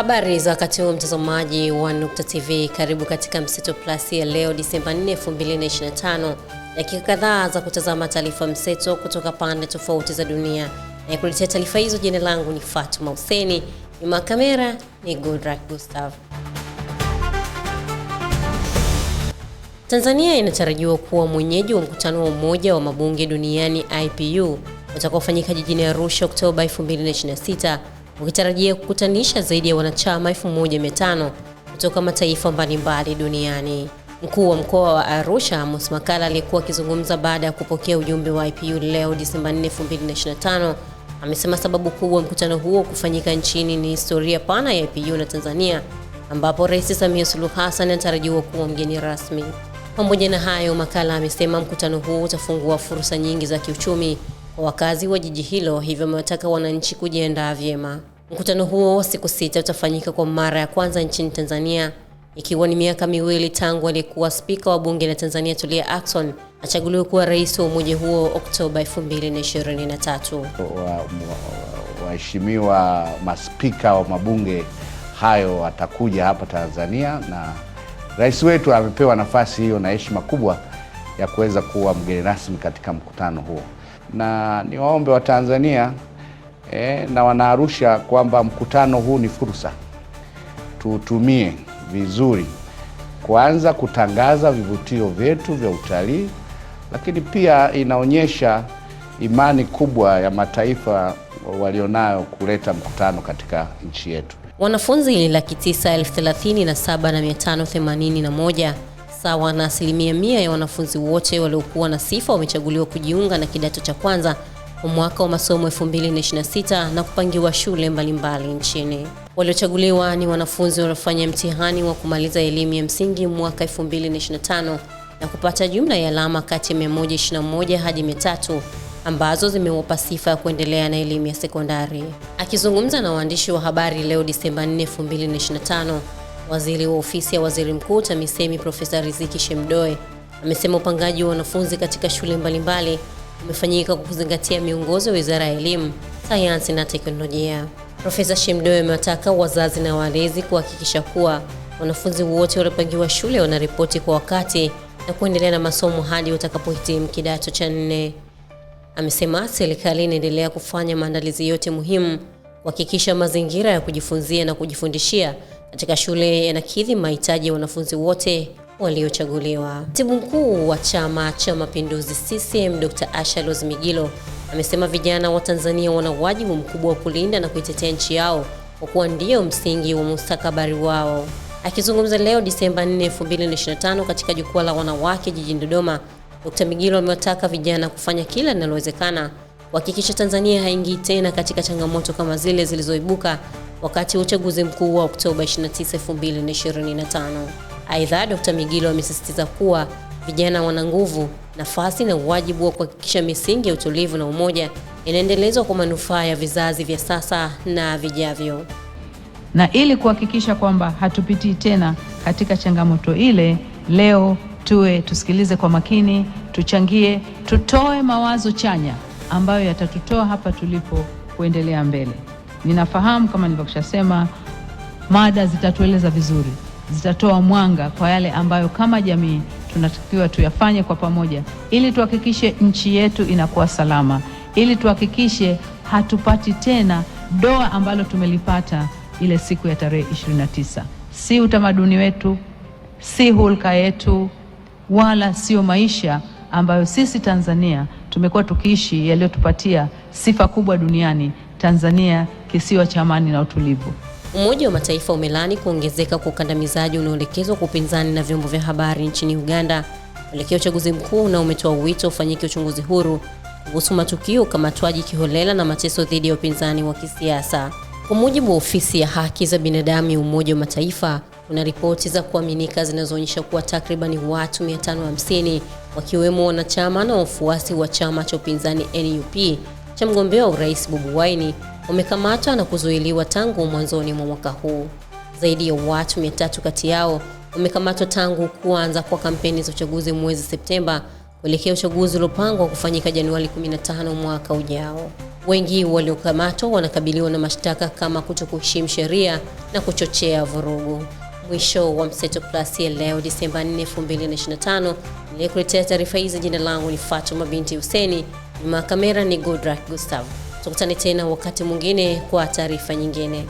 Habari za wakati huu, mtazamaji wa Nukta TV, karibu katika Mseto Plus ya leo Disemba 4, 2025. Dakika kadhaa za kutazama taarifa mseto kutoka pande tofauti za dunia na kuletea taarifa hizo. Jina langu ni Fatuma Huseni, nyuma ya kamera ni godrack Gustav. Tanzania inatarajiwa kuwa mwenyeji wa mkutano wa Umoja wa Mabunge Duniani IPU utakaofanyika jijini Arusha Oktoba 2026 ukitarajia kukutanisha zaidi ya wanachama 1500 kutoka mataifa mbalimbali duniani. Mkuu wa mkoa wa Arusha Amos makala aliyekuwa akizungumza baada ya kupokea ujumbe wa IPU leo Disemba 4, 2025 amesema sababu kubwa mkutano huo kufanyika nchini ni historia pana ya IPU na Tanzania ambapo Rais Samia Suluhu Hassan anatarajiwa kuwa mgeni rasmi. Pamoja na hayo, makala amesema mkutano huo utafungua fursa nyingi za kiuchumi wakazi wa jiji hilo, hivyo wamewataka wananchi kujiandaa vyema. Mkutano huo wa siku sita utafanyika kwa mara ya kwanza nchini Tanzania, ikiwa ni miaka miwili tangu aliyekuwa spika wa bunge la Tanzania Tulia Ackson achaguliwe kuwa rais wa umoja huo Oktoba 2023. Waheshimiwa maspika wa mabunge hayo watakuja hapa Tanzania na rais wetu amepewa nafasi hiyo na heshima kubwa ya kuweza kuwa mgeni rasmi katika mkutano huo na niwaombe Watanzania eh, na Wanaarusha kwamba mkutano huu ni fursa, tuutumie vizuri, kuanza kutangaza vivutio vyetu vya utalii, lakini pia inaonyesha imani kubwa ya mataifa walionayo kuleta mkutano katika nchi yetu. Wanafunzi laki tisa elfu thelathini na saba na mia tano themanini na moja sawa na asilimia mia ya wanafunzi wote waliokuwa na sifa wamechaguliwa kujiunga na kidato cha kwanza mwaka wa masomo 2026 na kupangiwa shule mbalimbali mbali nchini. Waliochaguliwa ni wanafunzi waliofanya mtihani wa kumaliza elimu ya msingi mwaka 2025 na kupata jumla ya alama kati ya 121 hadi 300 ambazo zimewapa sifa ya kuendelea na elimu ya sekondari. Akizungumza na waandishi wa habari leo Disemba 4, 2025 Waziri wa ofisi ya waziri mkuu TAMISEMI Profesa Riziki Shemdoe amesema upangaji wa wanafunzi katika shule mbalimbali umefanyika kwa kuzingatia miongozo ya Wizara ya Elimu, Sayansi na Teknolojia. Profesa Shemdoe amewataka wazazi na walezi kuhakikisha kuwa wanafunzi wote waliopangiwa shule wanaripoti kwa wakati na kuendelea na masomo hadi watakapohitimu kidato cha nne. Amesema serikali inaendelea kufanya maandalizi yote muhimu kuhakikisha mazingira ya kujifunzia na kujifundishia katika shule yanakidhi mahitaji ya wanafunzi wote waliochaguliwa. Katibu mkuu wa Chama cha Mapinduzi CCM Dr. Asha Rose Migilo amesema vijana wa Tanzania wana wajibu mkubwa wa kulinda na kuitetea nchi yao kwa kuwa ndiyo msingi wa mustakabali wao. Akizungumza leo Disemba 4, 2025 katika jukwaa la wanawake jijini Dodoma, Dr. Migilo amewataka vijana kufanya kila linalowezekana kuhakikisha Tanzania haingii tena katika changamoto kama zile zilizoibuka wakati wa uchaguzi mkuu wa Oktoba 29, 2025. Aidha, Dr. Migilo amesisitiza kuwa vijana wana nguvu, nafasi na uwajibu wa kuhakikisha misingi ya utulivu na umoja inaendelezwa kwa manufaa ya vizazi vya sasa na vijavyo, na ili kuhakikisha kwamba hatupitii tena katika changamoto ile, leo tuwe tusikilize kwa makini, tuchangie, tutoe mawazo chanya ambayo yatatutoa hapa tulipo kuendelea mbele. Ninafahamu kama nilivyokushasema, mada zitatueleza vizuri, zitatoa mwanga kwa yale ambayo kama jamii tunatakiwa tuyafanye kwa pamoja, ili tuhakikishe nchi yetu inakuwa salama, ili tuhakikishe hatupati tena doa ambalo tumelipata ile siku ya tarehe 29. Si utamaduni wetu, si hulka yetu, wala sio maisha ambayo sisi Tanzania tumekuwa tukiishi yaliyotupatia sifa kubwa duniani. Tanzania kisiwa cha amani na utulivu. Umoja wa Mataifa umelani kuongezeka kwa ukandamizaji unaoelekezwa kwa upinzani na vyombo vya habari nchini Uganda kuelekea uchaguzi mkuu, na umetoa wito ufanyike uchunguzi huru kuhusu matukio ukamatwaji kiholela na mateso dhidi ya upinzani wa kisiasa. Kwa mujibu wa ofisi ya haki za binadamu ya Umoja wa Mataifa, kuna ripoti za kuaminika zinazoonyesha kuwa takribani watu 550 wakiwemo wanachama na wafuasi wa chama cha upinzani NUP cha mgombea wa urais Bobi Wine wamekamatwa na kuzuiliwa tangu mwanzoni mwa mwaka huu. Zaidi ya watu 300 kati yao wamekamatwa tangu kuanza kwa kampeni za uchaguzi mwezi Septemba kuelekea uchaguzi uliopangwa kufanyika Januari 15 mwaka ujao. Wengi waliokamatwa wanakabiliwa na mashtaka kama kutokuheshimu sheria na kuchochea vurugu. Mwisho wa Mseto Plus ya leo Disemba 4, 2025. Nilikuletea taarifa hizi, jina langu ni Fatuma binti Huseni, nyuma ya kamera ni Goodrak Gustav. Tukutane tena wakati mwingine kwa taarifa nyingine.